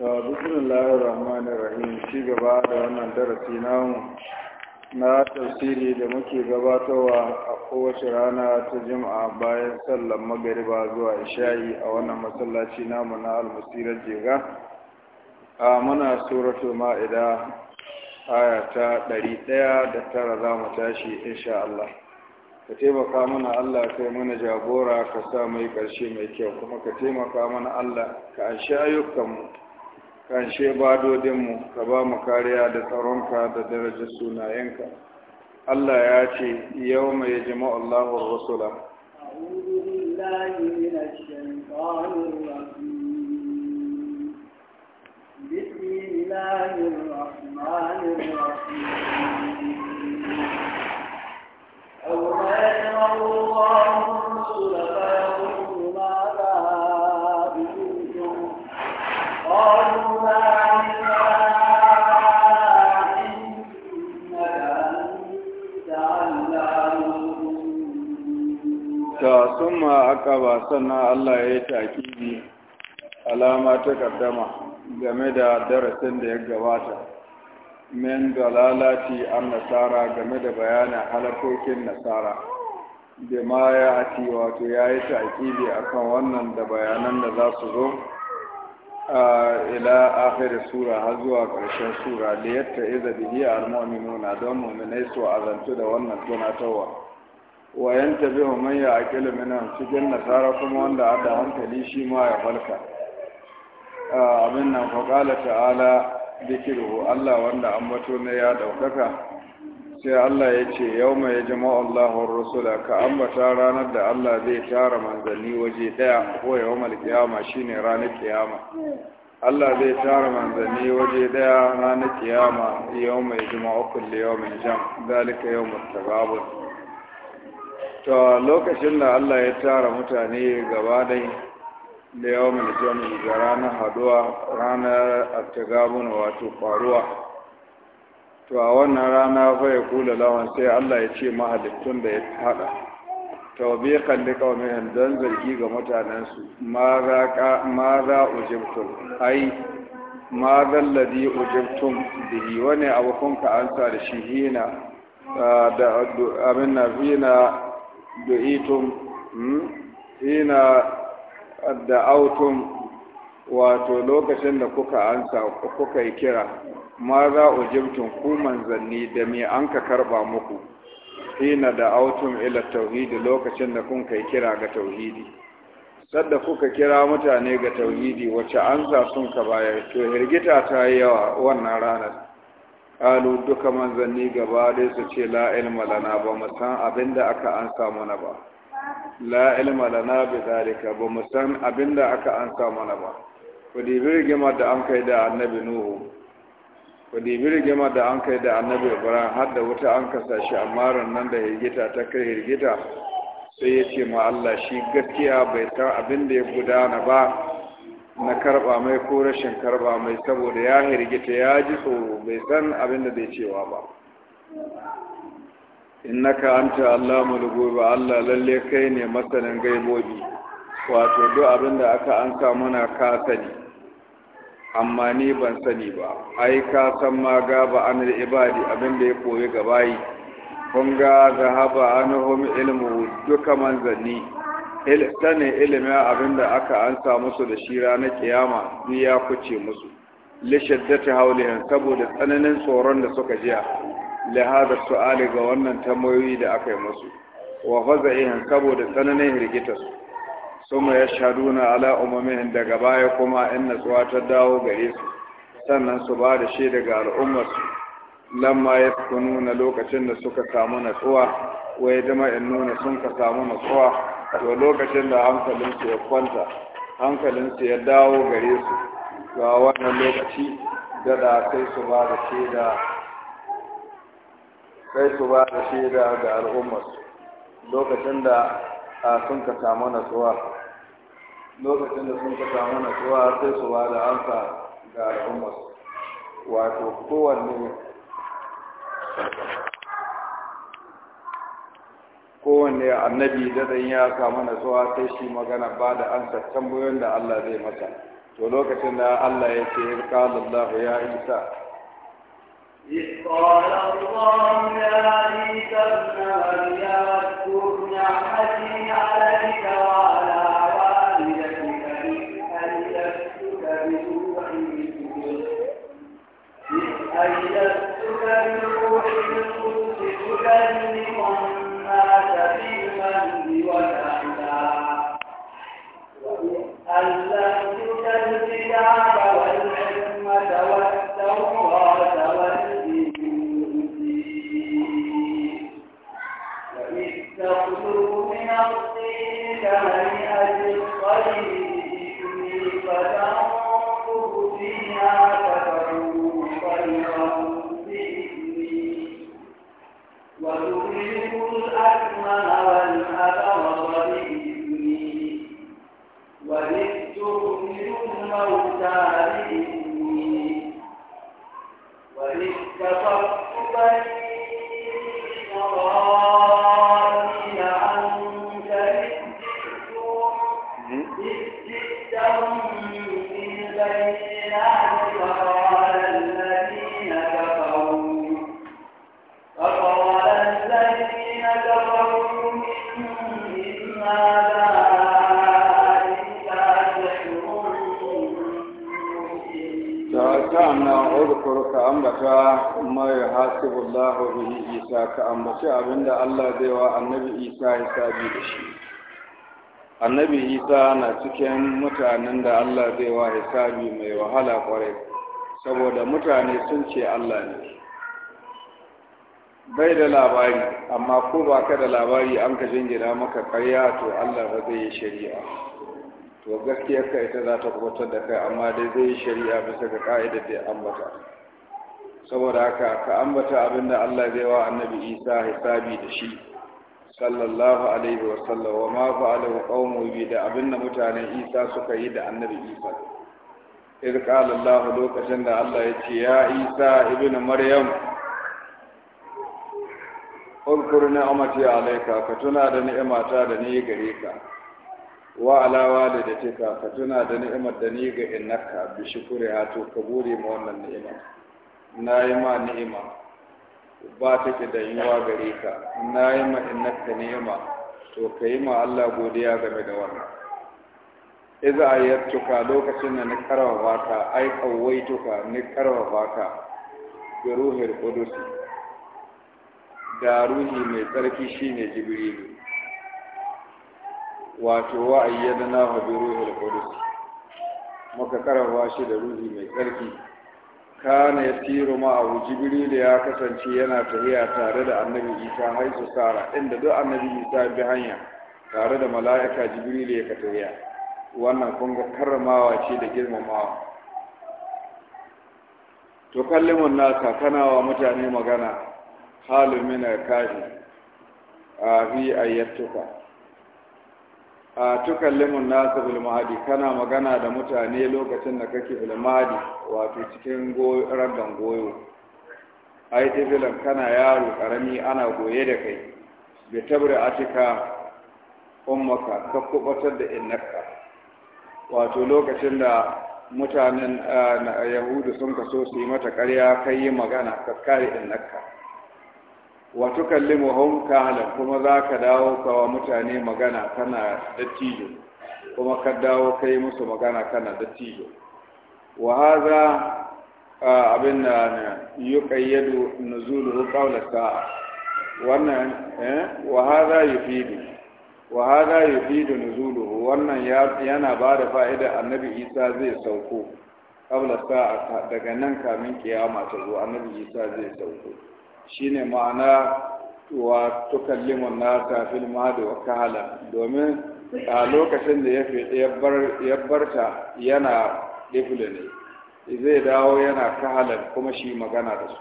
bismillahir rahmanir ci gaba da wannan darasi namu na tafsiri da muke gabatarwa a kowace rana ta jima'a bayan sallar magariba zuwa isha'i a wannan masallaci namu na almasirar jega a muna suratu ma'ida aya ta ɗari ɗaya da tara za mu tashi insha Allah ka taimaka mana Allah kai mana jagora ka sa mai ƙarshe mai kyau kuma ka taimaka mana Allah ka anshi ayyukanmu kanshe badodinmu ka ba mu kariya da tsaronka da darajar sunayenka Allah ya ce yau mai jima Allahu Rasula بسم الله الرحمن الرحيم قالوا ثم عقب سنا Allah ya yi takibi alama ta kaddama game da darasin da ya gabata min dalalati an nasara game da bayanin halakokin nasara da ma ya ati wato ya yi a kan wannan da bayanan da za su zo ila akhir sura har zuwa ƙarshen sura da yadda iza bihi al-mu'minuna don mu'minai su azantu da wannan tunatarwa wa yanta bi wa man ya aqilu cikin nasara kuma wanda ada hankali shi ma ya falka abin nan fa qala ta'ala dikiru Allah wanda an bato ne ya daukaka sai Allah ya ce yauma ya jama'u Allahu ar-rusula ka ambata ranar da Allah zai tara manzanni waje daya ko yawmal qiyama shine ranar qiyama Allah zai tara manzanni waje daya ranar qiyama yauma ya jama'u kulli yawmin jam dalika yawmut tagabun to lokacin da Allah ya tara mutane gaba dai da yawon ga ranar haduwa ranar attagabun wato faruwa to a wannan rana faya kula lawan sai Allah ya ce mahalittun da ya hada taube kan da kawai don zargi ga mutanensu ma za ujibtum ai ma zalladi ujibtum bihi wani abokanka an sa da shi hina ah, da abin na du'itum hina da'autum wato lokacin da kuka ansa kuka yi kira ma za ujibtum ku manzanni da me an ka karba muku hina da'autum ila tauhidi lokacin da kun kai kira ga tauhidi sadda kuka kira mutane ga tauhidi wacce ansa sun ka bayar to hirgita ta yi yawa wannan ranar kalu duka manzanni gaba dai su ce la ilma lana ba mu san abinda aka an samu na ba la ilma lana bi zalika ba mu san abinda aka an samu na ba ku dibi rigima da an kai da annabi nuhu ku dibi rigima da an kai da annabi ibrahim har da wuta an kasa shi amma nan da hirgita ta kai hirgita sai ya ce ma Allah shi gaskiya bai san abin da ya gudana ba na karba mai ko rashin karba mai saboda ya hirgita ya ji tsoro bai san abin da bai cewa ba innaka anta allamul ghaibi allah lalle kai ne masanin gaibobi wato duk abinda aka an sa mana ka sani amma ni ban sani ba ai ka san ma gaba an ibadi abin da ya koyi gabayi kun ga zahaba anhum ilmu duka manzanni sanin ilimin abin da aka ansa musu da shi ranar kiyama ni ya kuce musu lishaddata haulihin saboda tsananin tsoron da suka jiya lihada su'ali ga wannan tamoyoyi da aka yi musu wa faza'ihin saboda tsananin hirgita su suma ya shaduna ala umamin daga baya kuma in natsuwa ta dawo gare su sannan su ba da shi daga al'ummarsu lamma ya nuna lokacin da suka samu natsuwa wa ya in nuna sun ka samu natsuwa to lokacin da hankalinsu ya kwanta hankalinsu ya dawo gare su ga wannan lokaci da sai su ba da shaida sai su ba da shaida ga al'ummarsu lokacin da sun ka samu nasuwa lokacin da sun ka samu nasuwa sai su ba da amsa ga al'ummarsu wato kowanne kowanne annabi dadan ya ka mana zuwa sai shi magana ba da an tambayoyin da Allah zai masa to lokacin da Allah ya ce qalallahu ya Isa إذ قال الله يا عيسى ابن yuhasibullahi bihi isa ka ambaci abinda Allah zai wa annabi isa hisabi da shi annabi isa na cikin mutanen da Allah zai wa hisabi mai wahala kwarai saboda mutane sun ce Allah ne bai da labari amma ko ba ka da labari an ka jingina maka karya to Allah ba zai yi shari'a to gaskiyar ka ita za ta kubutar da kai amma dai zai yi shari'a bisa ga ka'idar da ya ambata saboda haka ka ambata abinda Allah zai wa annabi Isa hisabi da shi sallallahu alaihi wa sallam wa ma fa'alahu qaumu bi da abinda mutanen Isa suka yi da annabi Isa idh qala Allah lokacin da Allah ya ce ya Isa ibn Maryam ulkur ni'amati alayka ka tuna da ni'imata da ni gare ka wa ala walidatika ka tuna da ni'imar da ni ga ma wannan ni'imar na yi ma ni'ima ba take da yiwa gare ka na yi ma innaka ni'ima to ka yi ma Allah godiya game da wannan iza ayyatuka lokacin da ni ba ka ai kawaituka ni ba ka bi ruhil qudus da ruhi mai tsarki shine jibrilu wato wa ayyadna bi ruhil qudus muka karawa shi da ruhi mai tsarki kana ma abu jibril ya kasance yana tafiya tare da annabi isa haisu sara inda duk annabi isa bi hanya tare da mala'ika jibril ya tafiya wannan kun karramawa ce da girmamawa to kallimun nasa kana wa mutane magana halu mina kafi a fi ayyatuka a limon nasu bilmahadi kana magana da mutane lokacin da kake bilmahadi wato cikin raggan goyo a yi ibilan kana yaro karami ana goye da kai bi a cika ummaka ka kubatar da innaka wato lokacin da mutanen eh, yahudu sun kaso su yi mata karya kai yi magana ka innaka wa tukallimuhum kana kuma za ka dawo kawa mutane magana kana dattijo kuma ka dawo kai musu magana kana dattijo wa haza abin da yi ƙayyadu nuzulu ƙaunar sa'a wannan eh, wa haza yufidu wa haza yufidu nuzuluhu wannan yana ba da fa'ida annabi isa zai sauko qawla sa'a daga nan kamin kiyama ta zo annabi isa zai sauko shine ma'ana wa tukallimun nasa fil mahdi wa kahala domin a lokacin da ya barta yana ɗifle ne zai dawo yana kahalar kuma shi magana da su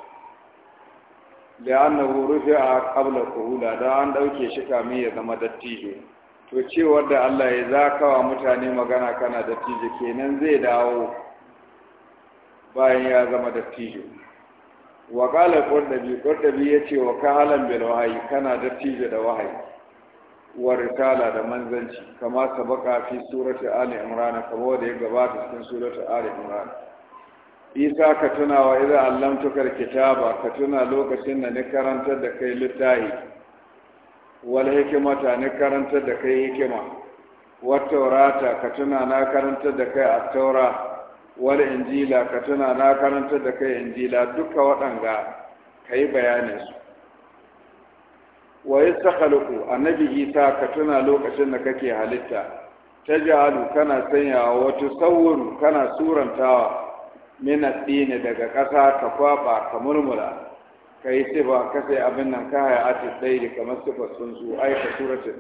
da annabu rufe a kabla kuhula da an ɗauke shi kamin ya zama dattijo to cewar da Allah ya zakawa mutane magana kana dattijo kenan zai dawo bayan ya zama dattijo wa qala qurdabi qurdabi yace wa kalan bil wahyi kana dattijo da wahayi wa risala da manzanci kama sabaka fi surati ali imran kama da ya gabata cikin surati ali imran isa ka tuna wa idza allamtukal kitaba ka tuna lokacin da ni karantar da kai littahi wal hikmata ni karantar da kai hikima wa taurata ka tuna na karantar da kai at-taura wal injila ka tuna na karanta da kai injila duka waɗanga ka yi bayanin su wa yi na annabi isa ka tuna lokacin da kake halitta ta jalu kana sanyawa wata sauwuru kana surantawa min addini daga ƙasa ka kwaba ka murmura ka yi ba ka sai abin nan ka haya ati da kamar su sun su ai ka sura ta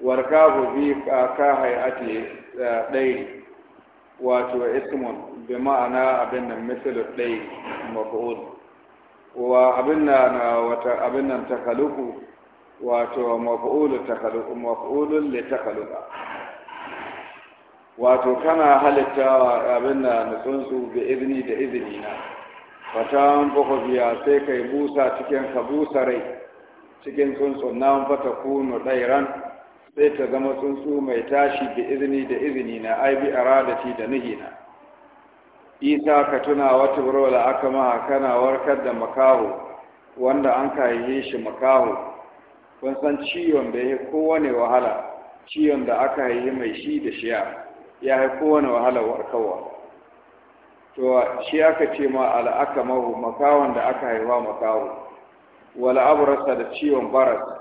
Warka bi ka haya ati tsayi eh, wato ismun bi ma'ana abin nan misalu ɗai mafu'ul wa abin nan wata abin nan takaluku wato mafu'ul takaluku mafu'ul li takaluka wato kana halitta abin nan tsuntsu bi izini da izini na fatan biya sai kai busa cikin ka busa rai cikin tsuntsun nan fata kunu ɗairan sai ta zama tsuntsu mai tashi da izini da izini na ai bi aradati da nihina isa ka tuna wata burwala aka ma kana warkar da makaho wanda an kayi shi makaho kun san ciwon da ya kowane wahala ciwon da aka haihi mai shi da shiya ya yi kowane wahala warkarwa to shi aka ce ma al'akamahu makawan da aka haihuwa makawo wala aburasa da ciwon baras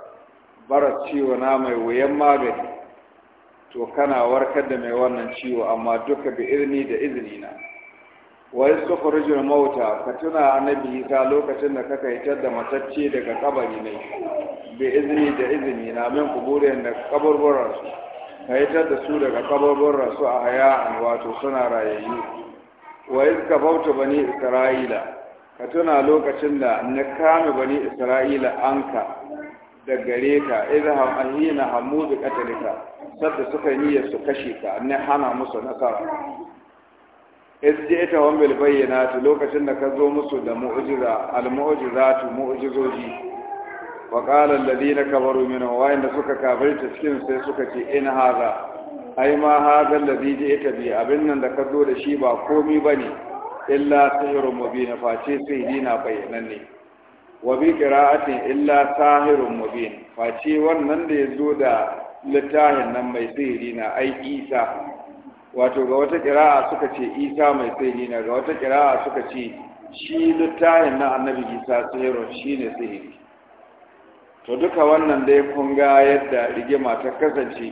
bara ciwo na mai wuyan magani to kana warkar da mai wannan ciwo amma duka bi izini da izini na wa yastakhrijul mauta ka tuna annabi isa lokacin da kaka hitar da matacce daga kabari ne bi izini da izini na min kuburin da kaburburan su ka hitar da su daga kaburburan su a haya wato suna rayayyu Wai ka bauta bani isra'ila ka tuna lokacin da na kame bani isra'ila anka da gare ka izham ahina hamu bi qatlika sadda suka niyyar su kashe ka ne hana musu nasara ta wa bil bayyinati lokacin da ka zo musu da mu'jiza al mu'jizatu mu'jizoji wa qala alladhina kafaru minhu wa inda suka kafirta cikin sai suka ce in haza ai ma haza alladhi ji'ta bi abin nan da ka zo da shi ba komi bane illa sihrun mubin face sai dina ne. wa bi qira'atin illa sahirun mubin face wannan da yazo da littafin nan mai sihiri na ai Isa wato ga wata qira'a suka ce Isa mai sihiri na ga wata qira'a suka ce shi littafin nan Annabi Isa sihirun shine sihiri to duka wannan dai kun ga yadda rigima ta kasance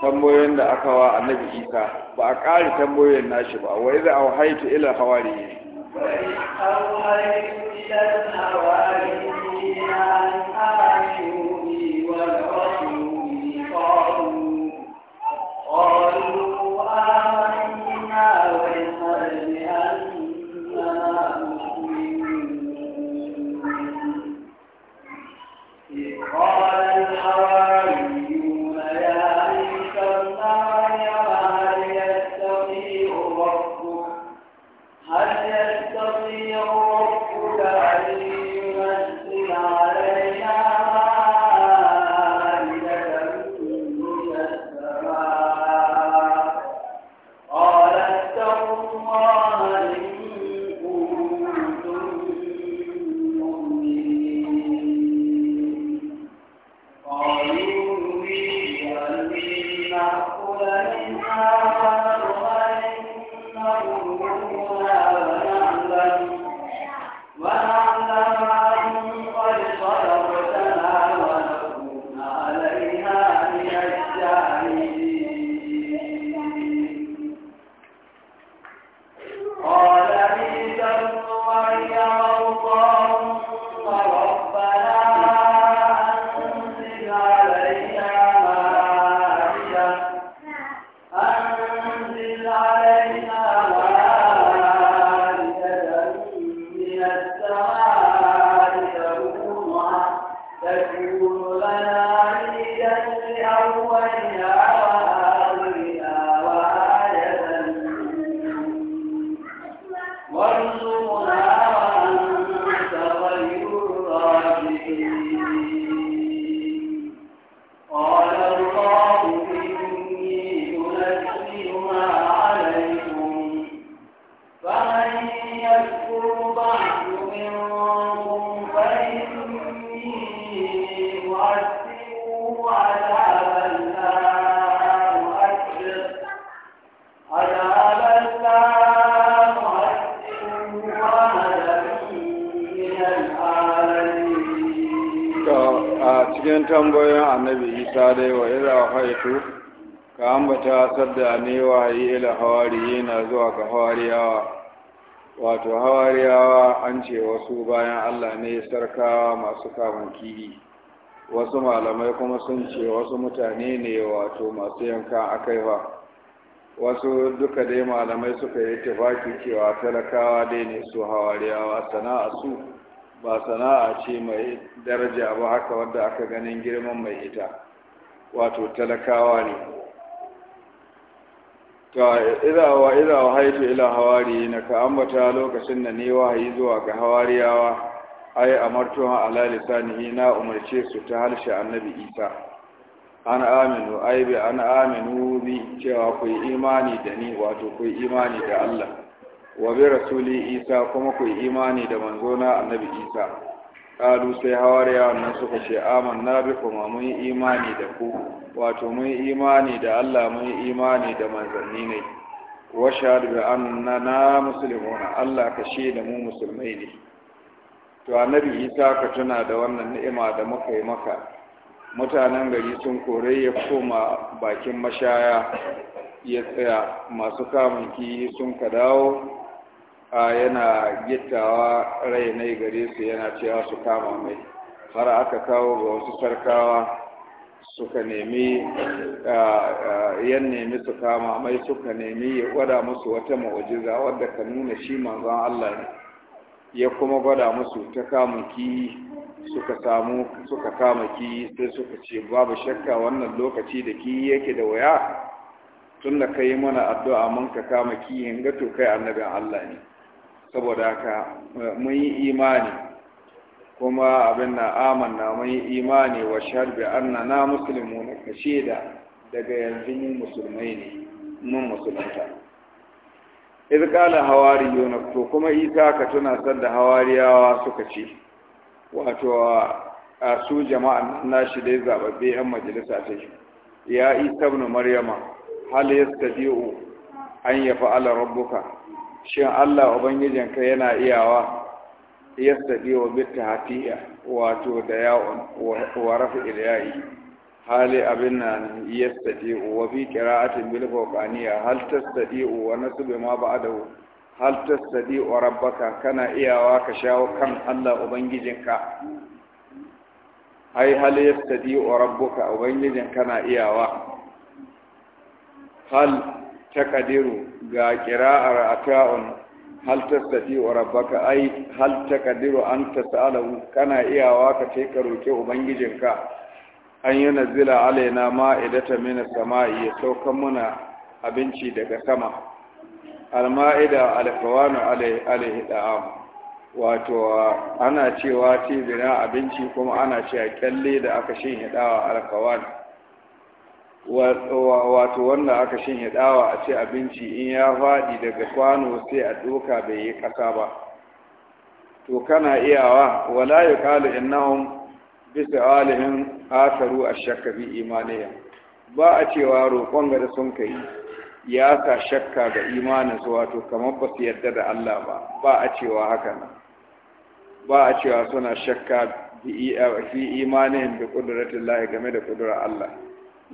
tambayoyin da aka wa Annabi Isa ba a ƙari tambayoyin nashi ba wa idza auhaytu ila hawariyin أوحيت إلى الحواريين أن آمنوا والعصر فمنها tambayoyin annabi isa dai wa ila haitu ka ambata sadda ne yi ila hawariyi na zuwa ga hawariyawa wato hawariyawa an ce wasu bayan allah ne sarkawa masu kamun kihi wasu malamai kuma sun ce wasu mutane ne wato masu yanka ba? wasu duka dai malamai suka yi tafaki cewa talakawa dai ne su hawariyawa sana'a su ba sana'a ce mai daraja ba haka wadda aka ganin girman mai ita wato talakawa ne ta izawa irawa haitu ila hawari na ka ambata lokacin da ne wahayi zuwa ga hawariyawa ai amartuha ala lisanihi na umarce su ta harshe annabi isa an aminu ai bi an aminu bi cewa ku imani da ni wato ku imani da allah wa bi rasuli isa kuma ku imani da manzona annabi isa kalu sai hawariya nan suka ce amanna na bi kuma mun imani da ku wato mun imani da allah mun imani da manzanni ne wa shahadu bi annana muslimuna allah ka da mu musulmai ne to annabi isa ka tuna da wannan ni'ima da muka yi maka mutanen gari sun kore ya koma bakin mashaya ya tsaya masu kamun kiyi sun ka dawo yana gittawa rai rainai gare su yana cewa su kama mai har aka kawo ga wasu sarkawa suka nemi yan nemi su kama mai suka nemi ya gwada musu wata mu'ujiza wadda ka nuna shi manzon Allah ne ya kuma gwada musu ta kama kiyi suka samu suka kama kiyi sai suka ce babu shakka wannan lokaci da kiyi yake da waya tun da ka yi mana addu'a mun ka kama in ga to kai annabin Allah ne saboda haka eh, mun yi imani kuma abin na amanna mun yi imani wa sharbi anna na musulmi na kashe da daga yanzu mun musulmai ne mun musulunta iz qala Yona. to kuma isa ka tuna san da hawariyawa suka ce wato a su jama'an nashi dai zababbe yan majalisa ta ya isa ibn maryama hal yastadi'u an yafa'ala rabbuka shin Allah ubangijinka yana iyawa yastadi wa bitta hafiya wato da yawon wa rafi ilayi hali abin nan yastadi wa bi qira'atin bil fawqaniya hal tastadi wa nasbi ma ba'dahu hal tastadi wa rabbaka kana iyawa ka shawo kan Allah ubangijinka ai hal yastadi wa rabbuka ubangijinka na iyawa hal takadiru ga kira'ar ata'un hal tasdi wa rabbaka ai hal takadiru an tas'alahu kana iyawa ka ce ka roke ubangijinka an yi nazila alaina ma'idata min samai ya sauka muna abinci daga sama alma'ida alai alai da'am wato ana cewa bina abinci kuma ana cewa kyalle da aka shin hidawa alfawanu wato wanda aka dawa a ce abinci in ya faɗi daga kwano sai a doka bai yi ƙasa ba to kana iyawa wala ya kalu innahum bisa alihin asaru a shakka bi imaniya ba a cewa roƙon ga sun kai ya sa shakka ga imanin su wato kamar ba su yarda da Allah ba ba a cewa haka nan ba a cewa suna shakka bi imanin da kudratin game da kudurar Allah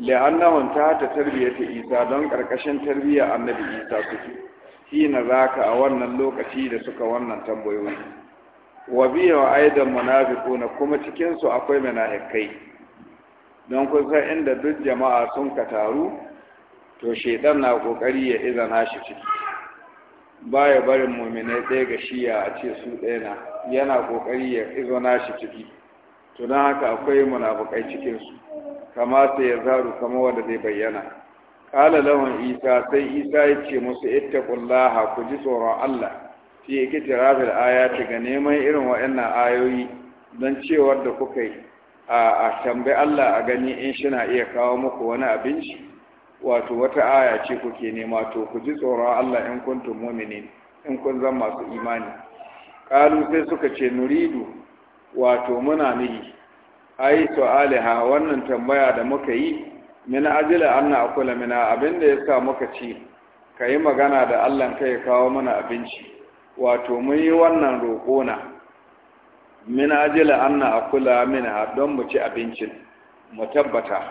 la'annahum ta ta tarbiyata isa don karkashin tarbiya annabi isa suke hina zaka a wannan lokaci da suka wannan tambayoyi wa biya wa aidan munafiquna kuma cikin su akwai munafikai don kun san inda duk jama'a sun ka taru to shedan na kokari ya izana shi ciki baya barin mu'minai ɗaya ga shiya ya ce su daina. yana kokari ya izana shi ciki to haka akwai munafikai cikin su kama sai ya zaru kama wanda zai bayyana qala isa sai isa ya ce musu ittaqullaha ku ji tsoron Allah fi ikitirafil ayati ga neman irin waannan ayoyi don cewar da kuka yi a tambayi Allah a gani in shina iya kawo muku wani abinci wato wata aya ce kuke nema to ku ji tsoron Allah in kuntum mu'minin in kun zan masu imani kalu sai suka ce nuridu wato muna nihi ai aliha wannan tambaya da muka yi min ajila anna akula mina abinda yasa muka ci ka yi magana da Allah kai kawo mana abinci wato mun yi wannan roƙo na min ajila anna akula mina don mu ci abincin mu tabbata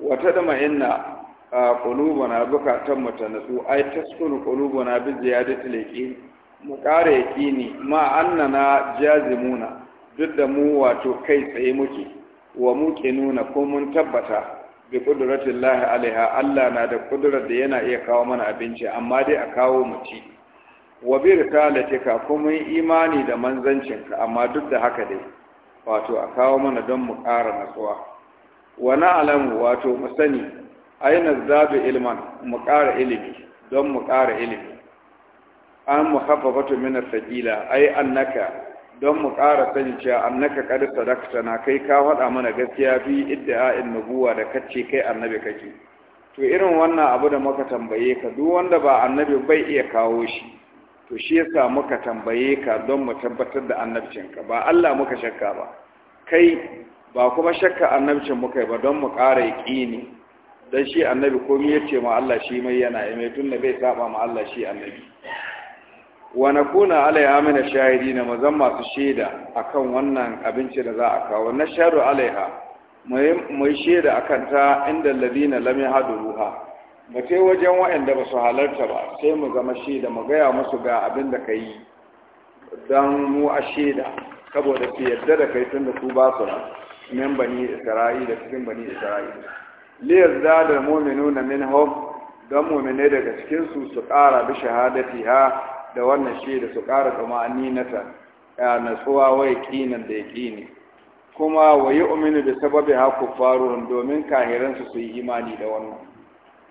wata da ma'inna a kulubana bukatan mu ta natsu ai taskunu kulubana bi ziyadati liqin mu ƙara yaqini ma annana jazimuna duk da mu wato kai tsaye muke wa muke nuna ko mun tabbata bi kudratin lahi alaiha Allah na da kudurar da yana iya kawo mana abinci amma dai a kawo mu ci wa bi risalatika ko mun imani da manzancinka amma duk da haka dai wato a kawo mana don mu ƙara natsuwa wa na'lamu wato mu sani aina zabi ilman mu ƙara ilimi don mu ƙara ilimi an muhaffafatu min as-sajila ay annaka don mu ƙara sani cewa annaka qad sadakta na kai ka faɗa mana gaskiya fi idda'in nubuwa da kace kai annabi kake to irin wannan abu da muka tambaye ka duk wanda ba annabi bai iya kawo shi to shi yasa muka tambaye ka don mu tabbatar da ka. ba Allah muka shakka ba kai ba kuma shakka annabcin muka ba don mu ƙara yaqini dan shi annabi komai yace ma Allah shi mai yana mai tunna bai saba ma Allah shi annabi wa nakuna alaiha Amina shahidi na mazan masu shaida akan wannan abinci da za a kawo na sharu alaiha mai yi shaida akan ta inda ladina lam yahduruha ba sai wajen waɗanda ba su halarta ba sai mu zama shaida mu gaya musu ga abin da ka yi mu a shaida saboda su yadda da kai tun da su ba su nan bani isra'ila cikin bani isra'ila li da mu'minuna minhum dan don mu'mine daga cikin su su ƙara bi shahadatiha da wannan shi da su ƙara tsamani na ta ya natsuwa wa yaƙinin da yaƙini kuma wayi yi umini da sababi haku domin kahiransu su yi imani da wannan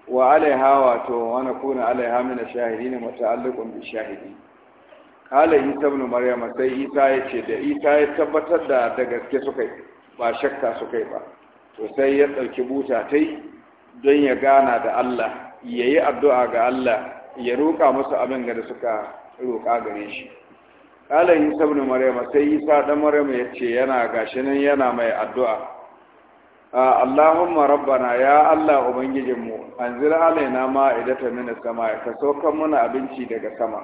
wa alaiha wato wani kuna alaiha mina shahidi ne mata'alliqun bi shahidi kala isa ibn maryam sai isa ya ce da isa ya tabbatar da da gaske suka yi ba shakka suka yi ba to sai ya ɗauki buta tai don ya gana da Allah yayi addu'a ga Allah ya roƙa musu abin da suka roƙa gare shi ƙalan yi ibn maryama sai sa dan maryama ya ce yana gashi nan yana mai addu'a Allahumma rabbana ya Allah ubangijinmu na alaina idan ta nuna sama ka saukar mana abinci daga sama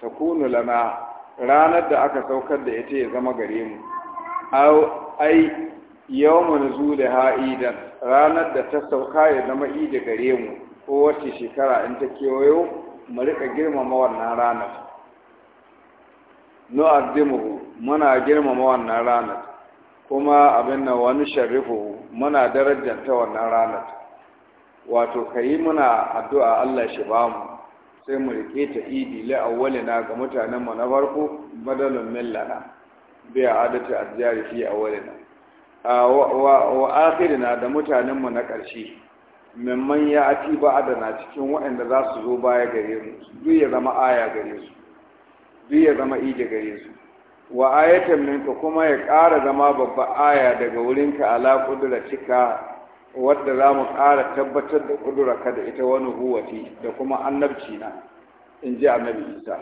Ta kunu lana ranar da aka saukar da ita ya zama gare mu ai yawmun da ha'idan ranar da ta sauka ya zama ida gare mu kowace shekara in ta kewayo mu riƙa girmama wannan ranar nu'azzimuhu muna girmama wannan ranar kuma abin nan wani sharifu muna darajanta wannan ranar wato kayi muna addu'a Allah shi bamu sai mu rike ta idi la awwalina ga mutanen mu na farko badalun millana bi adati azjari fi awwalina wa wa akhirina da mutanen mu na ƙarshe mimman ya ati ba adana cikin waɗanda za su zo baya gare mu duk ya zama aya gare su duk ya zama ije gare su wa ayatan minka kuma ya ƙara zama babba aya daga wurinka ala ƙudura cika wadda za mu ƙara tabbatar da ƙudura ka da ita wani huwati da kuma annabci na in ji annabi isa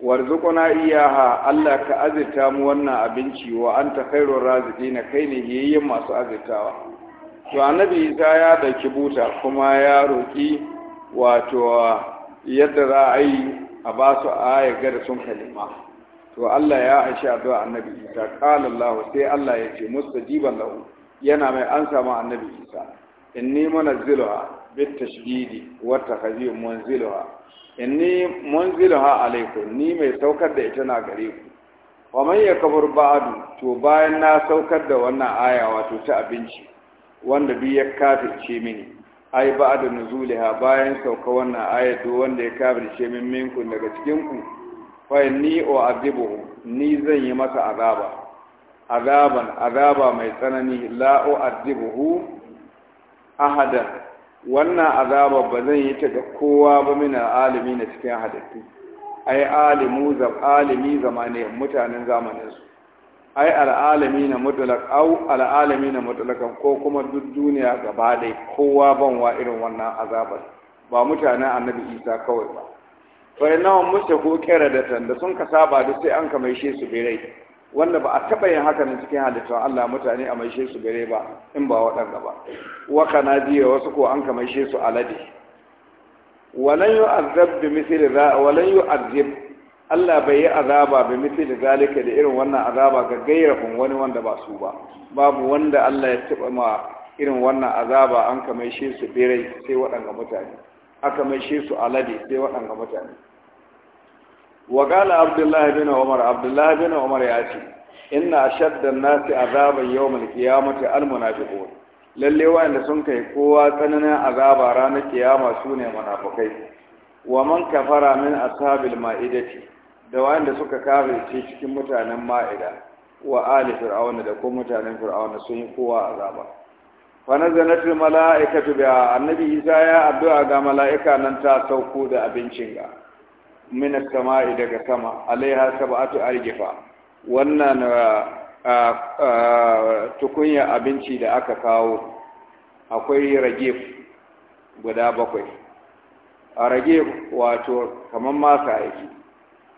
warzuquna iyaha Allah ka azirta mu wannan abinci wa anta khairur raziqina kai ne yayin masu azirtawa to annabi isa ya ɗauki buta kuma ya roƙi wato yadda za a yi a ba su aya da sun kalima to Allah ya aishi addu'a annabi isa qala Allah sai Allah ya ce mustajiban lahu yana mai an samu annabi isa inni munazziluha bit tashdidi wa takhzir munziluha inni munziluha alaikum ni mai saukar da ita na gare ku wa man yakfur ba'du to bayan na saukar da wannan aya wato ta abinci wanda duk ya kafirce mini ai ba da nuzuliha bayan sauka wannan duk wanda ya kafirce min minkun daga cikin ku fa ni o azibu ni zan yi masa azaba azaban azaba mai tsanani la o azibuhu ahada wannan azaba ba zan yi ta ga kowa ba mina alimi na cikin hadisi ai alimu zam alimi zamanin mutanen zamanin su ai al'alami na mutlaq au al'alami na mutlaqan ko kuma duk duniya gaba dai kowa ban wa irin wannan azabar ba mutanen annabi isa kawai ba fa inna musa ko kera da tanda sun ka saba da sai an kamai shi su bere wanda ba a taba yin haka nan cikin halittun Allah mutane a mai shi su bere ba in ba waɗanda ba wa kana jiya wasu ko an kamai shi su alade walan yu'azzab bi za walan yu'azzab Allah bai yi azaba bai mutu da zalika da irin wannan azaba ga gairafin wani wanda ba su ba babu wanda Allah ya taɓa ma irin wannan azaba an kamaishe su birai sai waɗanga mutane aka maishe su alade sai waɗanga mutane wa qala abdullahi bin umar abdullahi bin umar ya ce inna ashadda an-nasi azaban yawmal qiyamati al-munafiqun lalle wanda sun kai kowa tsananin azaba ranar kiyama sune munafikai wa man kafara min ashabil ma'idati da wanda suka kafirce cikin mutanen ma'ida wa ali fir'auna da kuma mutanen fir'auna sun yi kowa azaba fa fil mala'ikatu bi annabi isa ya addu'a ga mala'ika nan ta sauko da abincin ga min samai daga sama alaiha sab'atu arjifa wannan uh, uh, uh, tukunya abinci da aka kawo akwai rage guda bakwai a rage wato kamar masa aiki.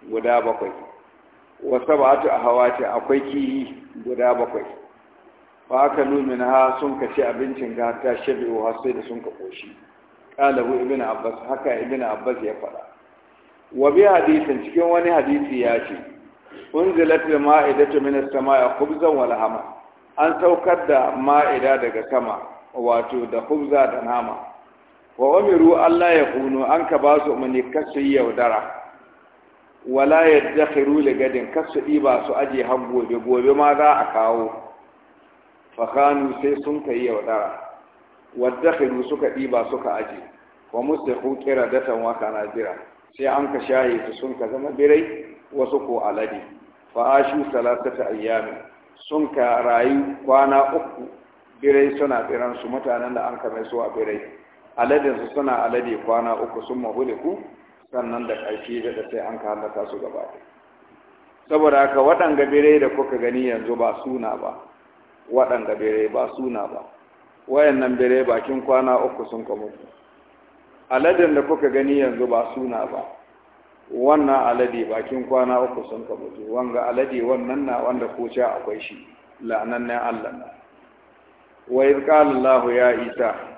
guda bakwai wa sab'atu ce akwai kiri guda bakwai fa aka na ha sun kace abincin ga ta shabe wa sai da sun ka koshi qalabu ibnu abbas haka ibnu abbas ya faɗa. wa bi hadisin cikin wani hadisi ya ce Kun al ma'idatu min as-sama'i khubzan wa lahama an saukar da ma'ida daga sama wato da khubza da nama wa umiru Allah ya kunu an ka ba su umarni kasu yaudara wala zakhiru li gadin kasu diba su aje han gobe gobe ma za a kawo fa kanu sai sun kai wa zakhiru suka diba suka aje wa mustahu qiradatan waka na jira sai an ka shaye su sun ka zama birai wasu ko alade fa ashu salatata ayyami. sun ka rayu kwana uku birai suna biran su mutanen da an mai su a birai aladin su suna alade kwana uku sun mahuliku sannan da ƙarfi da sai an ka su gaba saboda haka waɗanda birai da kuka gani yanzu ba suna ba waɗanda birai ba suna ba wayannan birai bakin kwana uku sun ka mutu aladin da kuka gani yanzu ba suna ba wannan alade bakin kwana uku sun ka mutu wanga alade wannan na wanda ko akwai shi la'anannen allah na wa iz qala allah ya isa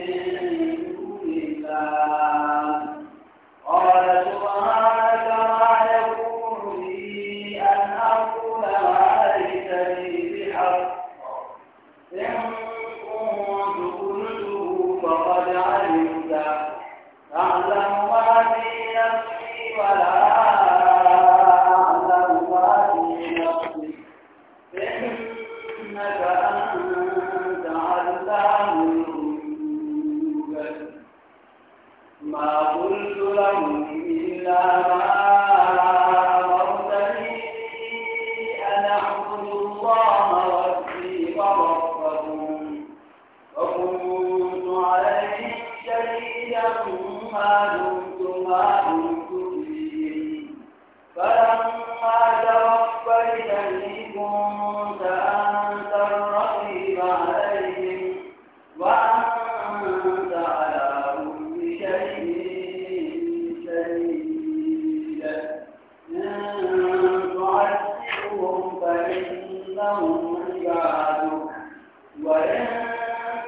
ولن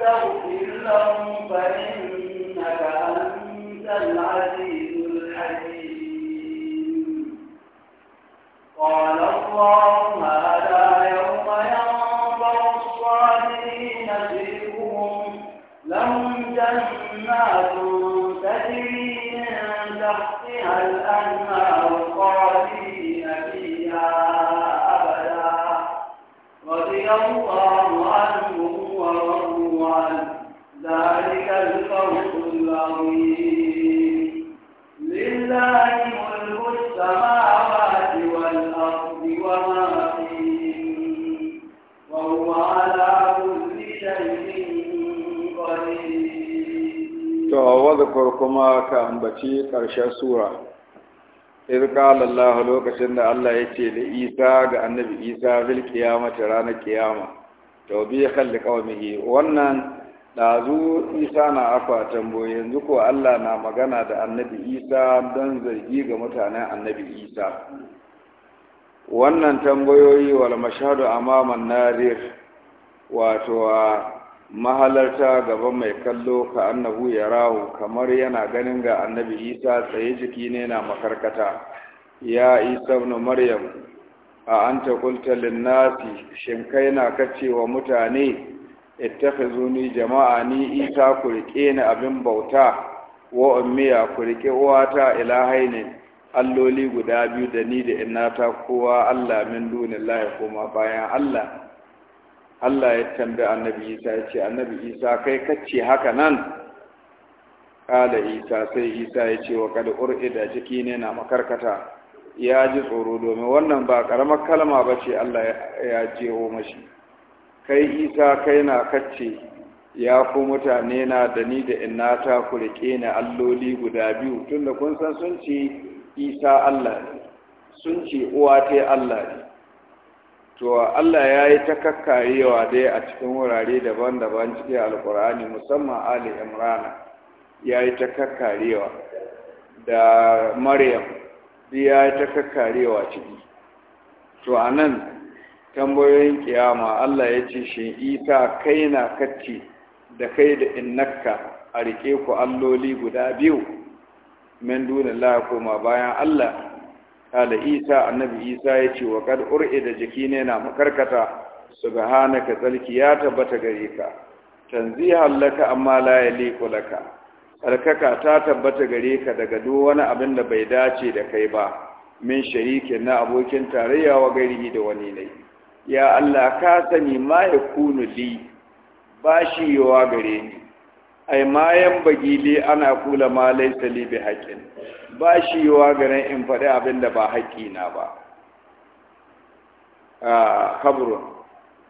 تغفر لهم فإنك أنت العزيز الحكيم قال الله kawar kuma ka ambaci ƙarshen sura izkala Allah lokacin da Allah ya ce da Isa ga annabi Isa bil kiyamata ranar kiyama tawbihan liqaumihi wannan dazu Isa na afa tambo yanzu ko Allah na magana da annabi Isa don zargi ga mutanen annabi Isa wannan tambayoyi wal mashhadu amaman nadir wato mahalarta gaba mai kallo ka annabu ya rahu kamar yana ganin ga annabi isa tsaye jiki ne na makarkata ya isa wani maryam a an ta kulta shin kai na kacewa mutane ittakhizuni jama'a ni isa ku rike ni abin bauta wa ummiya ku rike uwata ilahaini alloli guda biyu da ni da innata kowa Allah min dunillahi kuma bayan Allah Allah ya tambaye annabi Isa ya ce annabi Isa kai kacce haka nan kala Isa sai Isa ya ce wa kad da jiki ne na makarkata ya ji tsoro domin wannan ba karamar kalma ba ce Allah ya jeho mashi kai Isa kai na kacce ya ku mutane na da ni da innata ku rike ni alloli guda biyu tunda kun san sun ce Isa Allah ne uwa ta Allah ne to Allah ya yi ta kakkarewa dai a cikin wurare daban-daban cikin alkur'ani musamman ali imrana ya yi ta kakkarewa da maryam ya yi ta kakkarewa ciki to a nan tambayoyin kiyama Allah ya ce shi isa kai na kacce da kai da innaka a riƙe ku alloli guda biyu min dunin koma bayan Allah kala isa annabi isa ya ce wa kad ur'i da jiki ne na makarkata subhanaka tsalki ya tabbata gare ka tanzihan laka amma la yaliku laka tsarkaka ta tabbata gare ka daga duk wani abin da bai dace da kai ba min sharikin na abokin tarayya wa gairi da wani ne ya Allah ka sani ma yakunu li ba yawa gare ni ai mayan bagili ana kula ma laisa li bi haqqin ba shi yawa garin in faɗi abin da ba haƙƙi na ba a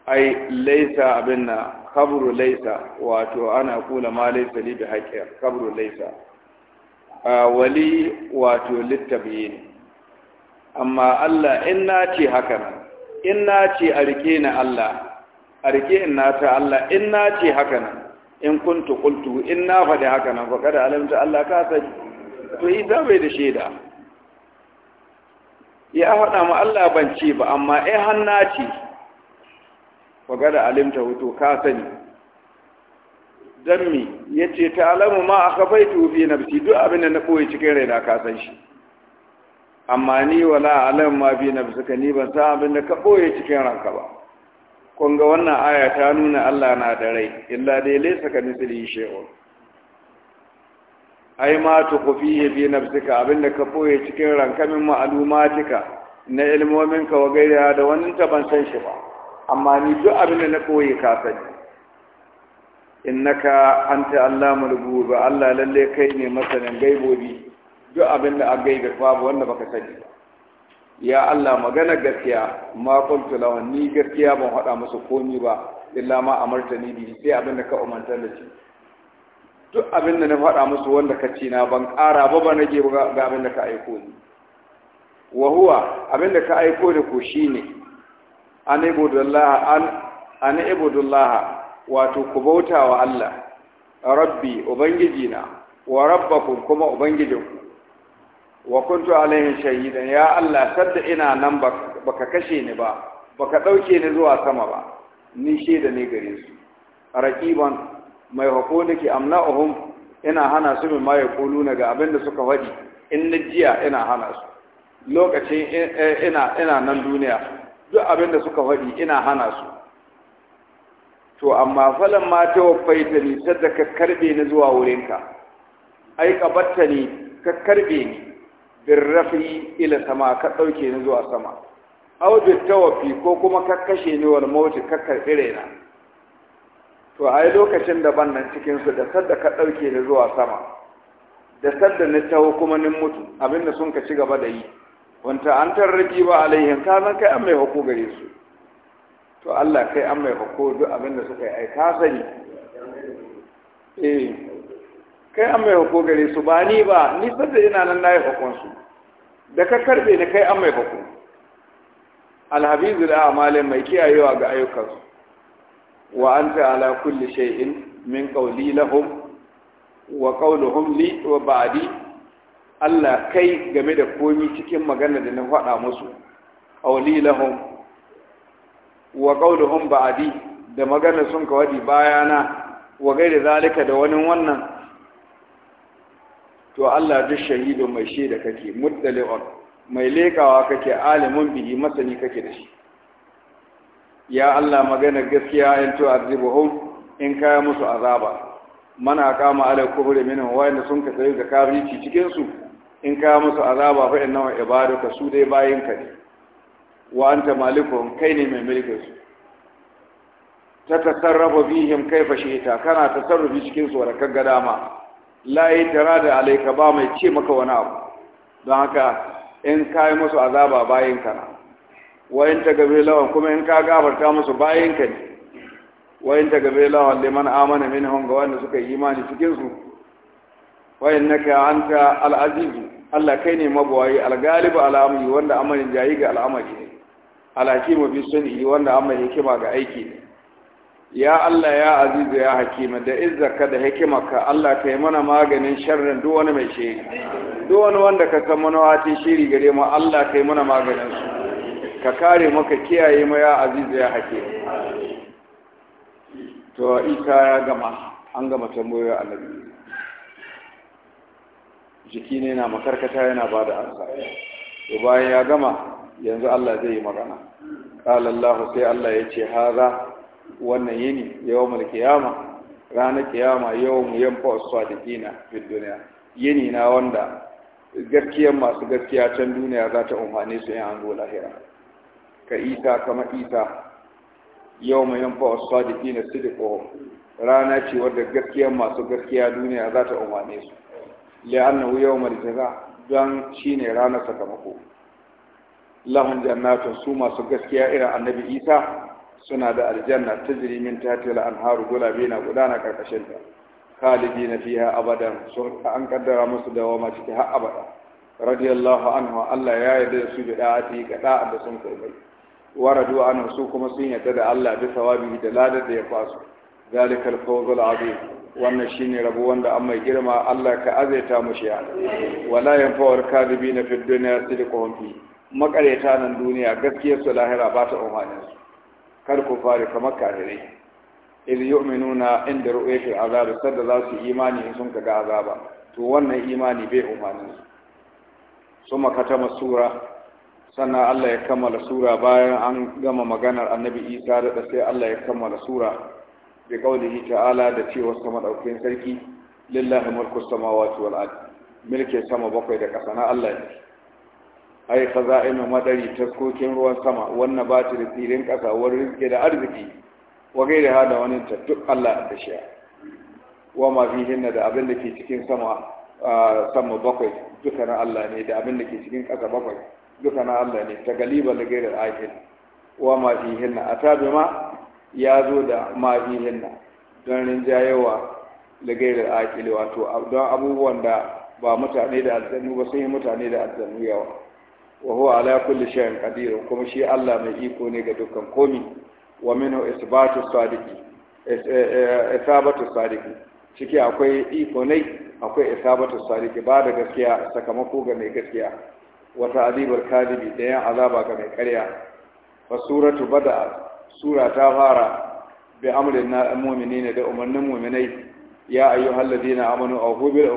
ai laisa abin na kaburu laisa wato ana kula ma laisa li bi haqqin kaburu laisa wali wato littabiyin amma Allah in na ce haka nan in na ce a rike ni Allah a rike in na ta Allah in na ce haka nan in kuntu qultu in na faɗi haka nan fa kada alamta Allah ka sani to idan bai da shaida ya faɗa ma Allah ban ce ba amma eh hanna ce kada alimta to ka sani dan mi yace ta alamu ma akhafaitu fi nafsi duk abin da na koyi cikin raina ka san shi amma ni wala alam ma fi nafsika ni ban san abin da ka koyi cikin ranka ba kun wannan aya ta nuna Allah na da rai illa dai laysa ka misli ai ma tu khufihi bi nafsika abinda ka boye cikin rankamin ma'lumatika na ilmominka wa gaira da wani ta ban san shi ba amma ni duk abinda na koyi ka sani innaka anta allamul ghuyub Allah lalle kai ne masanin gaibobi duk abinda a gaibe babu wanda baka sani ba ya Allah magana gaskiya ma kuntu lahu ni gaskiya ban faɗa musu komi ba illa ma martani bi sai abin da ka umarta da shi duk abin da na faɗa musu wanda ka ci na ban ƙara ba ba nage ga abin da ka aiko ni wa huwa abin da ka aiko da ku shine an ibudullah an an ibudullah wato ku bautawa Allah rabbi ubangiji na wa rabbakum kuma ubangijinku wa kuntu alaihi shahidan ya Allah sadda ina nan baka kashe ni ba baka dauke ni zuwa sama ba ni shaida ne gare su raqiban mai hako nake amna'uhum ina hana su min ma yaquluna ga abin da suka fadi in najiya ina hana su lokacin e, e, ina ina nan duniya duk abin da suka faɗi ina hana su to amma falan ma wafaita ni sadda ka karbe ni zuwa wurinka ai kabatta ni ka karbe ni birrafi ila sama ka ɗauke ni zuwa sama aw bi tawafi ko kuma ka kashe ni wal mauti ka karɓi raina to ai lokacin da ban nan cikin su da sadda ka ɗauke ni zuwa sama da sadda na taho kuma nin mutu abinda sun ka ci gaba da yi wanta an tarraji ba alaihim ka san kai an mai hako gare su to Allah kai an mai hako duk abinda suka yi ai ka sani eh kai an mai hako gare su ba ni ba ni da ina nan na yi su da ka karbe ni kai an mai hako alhabizu da amale mai kiyayewa ga ayyukansu wa anta ala kulli shay'in min qawli lahum wa qawluhum li wa ba'di Allah kai game da komi cikin magana da na faɗa musu qawli lahum wa qawluhum ba'di da magana sun ka wadi bayana wa gaira zalika da wani wannan to Allah duk shahidu mai shaida kake muddali'un mai lekawa kake alimin bihi masani kake da shi ya Allah magana gaskiya in to azibuhum in kaya musu azaba mana kama ala kubri minhum wa'inda sun ka da ga kafirci cikin su in kaya musu azaba fa innahu ibaduka su dai bayin ka ne wa anta malikuhum kai ne mai mulkin su ta tasarrafu bihim kaifa shi'ta kana tasarrufi cikin su wa ka ga dama la tara da alaika ba mai ce maka wani abu don haka in ka yi musu azaba bayan kana Wayan ta gabe lawan kuma in ka gabarta musu bayan ka ne Wayan ta gabe lawan liman amana minhum ga wanda suka yi imani cikin su na innaka anta al-aziz Allah kai ne magwayi al-galibu ala amri wanda amarin jayi ga al'amari ne al-hakimu bi sunni wanda amma hikima ga aiki ne ya Allah ya azizu ya hakima da izzaka da hikimarka Allah ka yi mana maganin sharrin duk wani mai shi duk wani wanda ka san manawati shiri gare mu Allah ka yi mana maganin su ka kare mu ka kiyaye mu ya azizu ya hakima to isa ya gama an gama tambayoyi annabi jiki ne na makarkata yana ba da ansa to bayan ya gama yanzu Allah zai yi magana qala Allah sai Allah ya ce haza wannan yini yawmul yama, ranar kiyama yawmu yanfa da sadiqina fid duniya yini na wanda gaskiyar masu gaskiya can duniya za ta umarni su yin ango lahira ka isa kama isa yau mai yanfa wasu sadiki na sidiko rana ce wadda gaskiyar masu gaskiya duniya za ta umarni su li'annahu wuyawon mai jaza don shi ne ranar sakamako lahun jannatin su masu gaskiya irin annabi isa suna da aljanna tajri min tahtiha al-anharu biyu na gudana karkashin ta khalidina fiha abadan sun an kaddara musu dawama ciki har abada radiyallahu anhu Allah ya yarda su da da'ati ga da'a da sun kai waradu anhu su kuma sun yarda da Allah bi sawabi da ladar da ya kwaso? zalika al-fawz al-azim wannan shine rabo wanda an mai girma Allah ka azaita mu shi wala yanfa'u kadibina fid dunya sidquhum fi makareta nan duniya gaskiyar su lahira ba ta umarnin kar ku fare kamar kafirai iz yu'minuna inda ru'yati azab sadda za su imani in sun kaga azaba to wannan imani bai umarni su makatama sura sannan Allah ya kammala sura bayan an gama maganar annabi Isa da sai Allah ya kammala sura bi qaulihi ta'ala da cewa sama daukin sarki lillahi mulku samawati wal ard milke sama bakwai da ƙasa na Allah ne ai khaza'inu madari kokin ruwan sama wannan ba ta da tsirin kasa Wannan rizki da arziki wa gaira ha da wani ta duk Allah da shi wa ma fi hinna da abin da ke cikin sama sama bakwai duka na Allah ne da abin da ke cikin kasa bakwai duka na Allah ne ta galiba da da akin wa ma fi fihinna atabi ma ya zo da ma fi hinna don rinjayewa da da akin wato don abubuwan da ba mutane da aljannu ba sai mutane da aljannu yawa wa huwa ala kulli shay'in qadir kuma shi Allah mai iko ne ga dukkan komi wa minhu isbatu sadiqi isabatu eh, eh, sadiqi ciki akwai iko ne akwai isabatu sadiqi ba da gaskiya sakamako ga mai gaskiya wa ta'dibul kadibi da yan azaba ga mai ƙarya fa suratu bada sura ta fara bi amrin na mu'minina da umarnin mu'minai ya ayyuhal ladina amanu awfu bil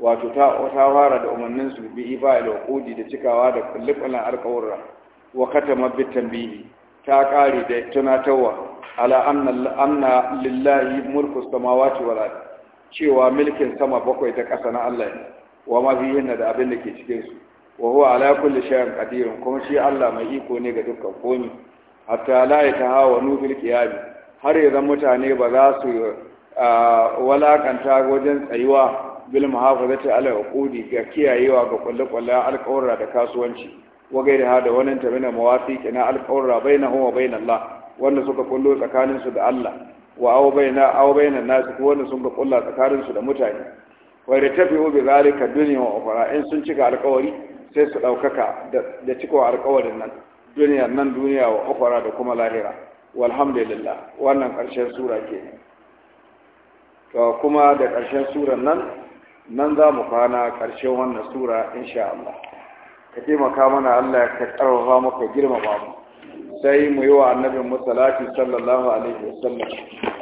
wato ta fara da umarnin su bi ibada ila qudi da cikawa da kullukulan alqawra wa katama bi tanbihi ta kare da tunatawa ala anna anna lillahi mulku samawati wal ard cewa milkin sama bakwai ta kasa na Allah ne wa ma yana da abin da ke cikin su wa huwa ala kulli shay'in qadir kuma shi Allah mai iko ne ga dukkan komai hatta la yatahawa bil qiyam har yanzu mutane ba za su ah, kanta wajen tsayuwa bil muhafazati ala uqudi ga kiyayewa ga kulle-kulle alƙawarra da kasuwanci wa ha da wannan ta mina mawasiqi na alƙawarra bainahu wa bainallah wanda suka kullu tsakanin su da Allah wa aw baina aw baina nasu ko wanda sun ga kulla tsakanin su da mutane wa ratafi'u bi zalika dunya wa ukhra in sun cika alƙawari sai su daukaka da cikawa alƙawarin nan duniya nan duniya wa ukhra da kuma lahira walhamdulillah wannan ƙarshen sura kenan to kuma da ƙarshen suran nan nan za mu kwana ƙarshen wannan sura insha Allah ka taimaka mana Allah ya karfafa maka girmama mu sai mu yi wa annabin masalati sallallahu alaihi wasallam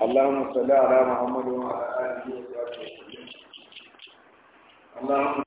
Allahumma salli ala Muhammad wa ala alihi wa sahbihi Allahumma